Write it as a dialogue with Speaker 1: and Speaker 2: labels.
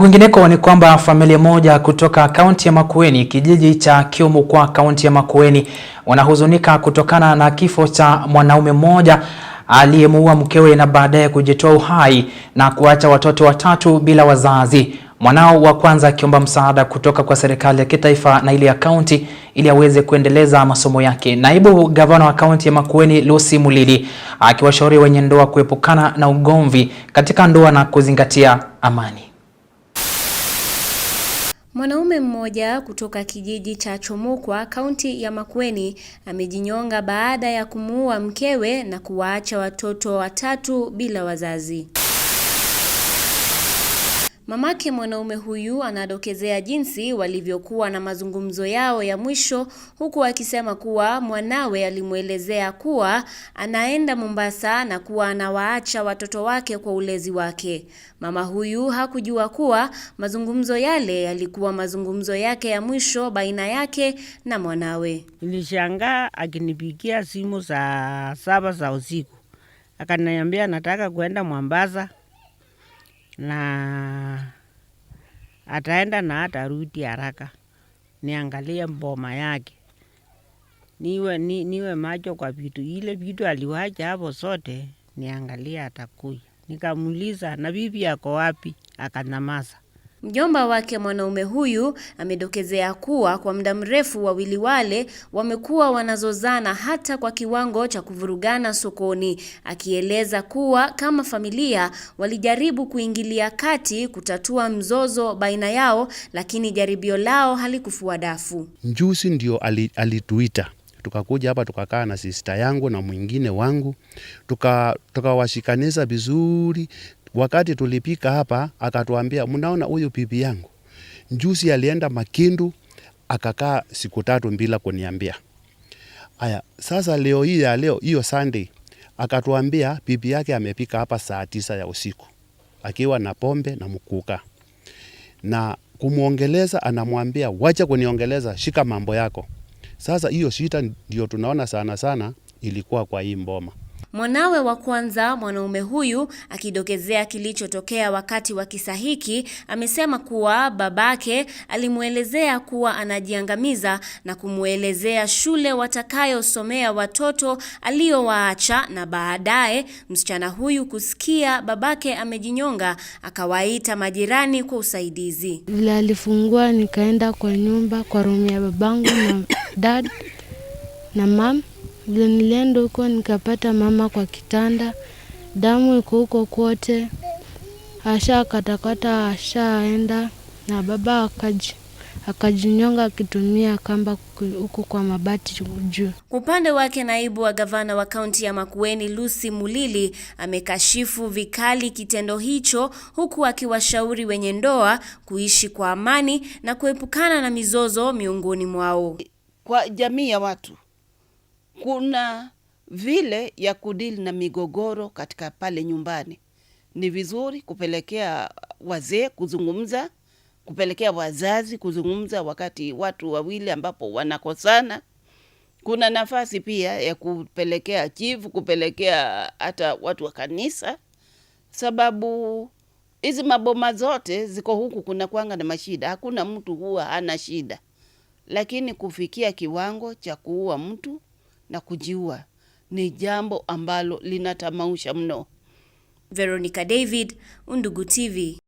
Speaker 1: Kwingineko ni kwamba familia moja kutoka kaunti ya Makueni, kijiji cha kwa kaunti ya Makueni, wanahuzunika kutokana na kifo cha mwanaume mmoja aliyemuua mkewe na baadaye kujitoa uhai na kuacha watoto watatu bila wazazi. Mwanao wa kwanza akiomba msaada kutoka kwa serikali ya kitaifa na ile ya kaunti ili aweze kuendeleza masomo yake. Naibu gavana wa kaunti ya Makueni, Lucy Mulili, akiwashauri wenye ndoa kuepukana na ugomvi katika ndoa na kuzingatia amani.
Speaker 2: Mwanaume mmoja kutoka kijiji cha Chomokwa, kaunti ya Makueni, amejinyonga baada ya kumuua mkewe na kuwaacha watoto watatu bila wazazi. Mamake mwanaume huyu anadokezea jinsi walivyokuwa na mazungumzo yao ya mwisho huku akisema kuwa mwanawe alimwelezea kuwa anaenda Mombasa na kuwa anawaacha watoto wake kwa ulezi wake. Mama huyu hakujua kuwa mazungumzo yale yalikuwa mazungumzo yake ya mwisho baina yake na mwanawe.
Speaker 3: Nilishangaa akinipigia simu za saba za usiku, akaniambia nataka kuenda Mombasa na ataenda na atarudi haraka. Niangalie mboma yake, niwe, ni, niwe macho kwa vitu ile vitu aliwacha hapo sote, niangalie atakuya. nikamuliza na bibi yako wapi? Akanyamaza.
Speaker 2: Mjomba wake mwanaume huyu amedokezea kuwa kwa muda mrefu wawili wale wamekuwa wanazozana hata kwa kiwango cha kuvurugana sokoni, akieleza kuwa kama familia walijaribu kuingilia kati kutatua mzozo baina yao, lakini jaribio lao halikufua dafu.
Speaker 4: Njusi ndio alituita ali tukakuja hapa tukakaa na sista yangu na mwingine wangu tukawashikaniza tuka vizuri wakati tulipika hapa, akatuambia mnaona, huyu bibi yangu njusi alienda Makindu akakaa siku tatu bila kuniambia. Aya, sasa leo hii ya leo hiyo Sunday akatuambia bibi yake amepika hapa saa tisa ya usiku akiwa na pombe na mkuka na kumwongeleza, anamwambia wacha kuniongeleza, shika mambo yako. Sasa hiyo shita ndio tunaona sana sana ilikuwa kwa hii mboma
Speaker 2: mwanawe wa kwanza mwanaume huyu akidokezea kilichotokea wakati wa kisa hiki amesema kuwa babake alimwelezea kuwa anajiangamiza na kumwelezea shule watakayosomea watoto aliyowaacha na baadaye msichana huyu kusikia babake amejinyonga akawaita majirani kwa usaidizi.
Speaker 5: Vile alifungua nikaenda kwa nyumba kwa rumu ya babangu na dad na mam Nilienda huko nikapata mama kwa kitanda, damu iko huko kwote, ashakatakata ashaenda, na baba akaji akajinyonga akitumia kamba huko kwa mabati
Speaker 2: juu. Kwa upande wake, naibu wa gavana wa kaunti ya Makueni Lucy Mulili amekashifu vikali kitendo hicho, huku akiwashauri wenye ndoa kuishi kwa amani na kuepukana na mizozo miongoni mwao.
Speaker 6: Kwa jamii ya watu kuna vile ya kudili na migogoro katika pale nyumbani. Ni vizuri kupelekea wazee kuzungumza, kupelekea wazazi kuzungumza wakati watu wawili ambapo wanakosana. Kuna nafasi pia ya kupelekea chifu, kupelekea hata watu wa kanisa, sababu hizi maboma zote ziko huku, kuna kwanga na mashida. Hakuna mtu huwa hana shida, lakini kufikia kiwango cha kuua mtu na kujiua ni jambo ambalo linatamausha mno.
Speaker 2: Veronica David, Undugu TV.